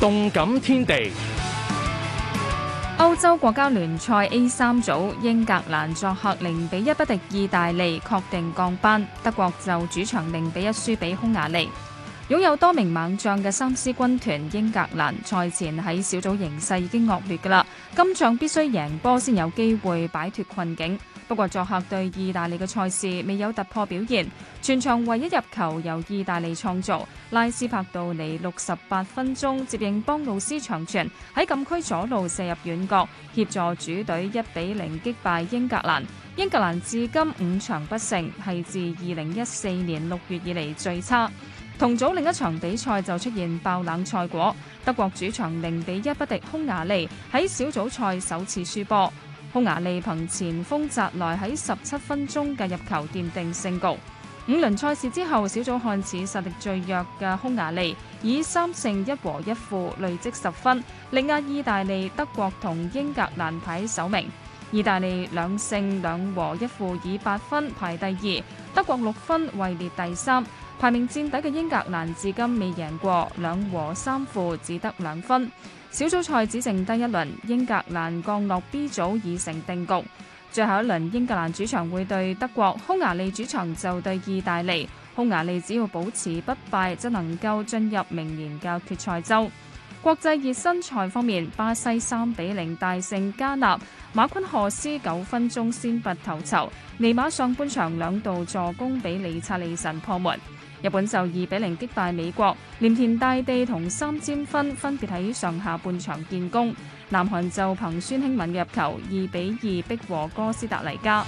動感天地。歐洲國家聯賽 A 三組，英格蘭作客零比一不敵意大利，確定降班；德國就主場零比一輸俾匈，匈牙利。擁有多名猛將嘅三獅軍團英格蘭賽前喺小組形勢已經惡劣噶啦。今仗必須贏波先有機會擺脫困境。不過作客對意大利嘅賽事未有突破表現，全場唯一入球由意大利創造，拉斯柏度尼六十八分鐘接應幫魯斯長傳，喺禁區左路射入遠角，協助主隊一比零擊敗英格蘭，英格蘭至今五場不勝，係自二零一四年六月以嚟最差。同組另一場比賽就出現爆冷賽果，德國主場零比一不敵匈牙利，喺小組賽首次輸波。匈牙利憑前鋒扎萊喺十七分鐘嘅入球奠定勝局。五輪賽事之後，小組看似實力最弱嘅匈牙利以三勝一和一負累積十分，力壓意大利、德國同英格蘭排首名。意大利兩勝兩和一負，以八分排第二。德國六分位列第三，排名墊底嘅英格蘭至今未贏過，兩和三負只得兩分。小組賽只剩低一輪，英格蘭降落 B 組已成定局。最後一輪，英格蘭主場會對德國，匈牙利主場就對意大利。匈牙利只要保持不敗，就能夠進入明年嘅決賽周。國際熱身賽方面，巴西三比零大勝加納，馬昆何斯九分鐘先拔頭籌，尼馬上半場兩度助攻俾利察利神破門。日本就二比零擊敗美國，鎌田大地同三尖分分別喺上下半場建功。南韓就憑孫興敏入球二比二逼和哥斯達黎加。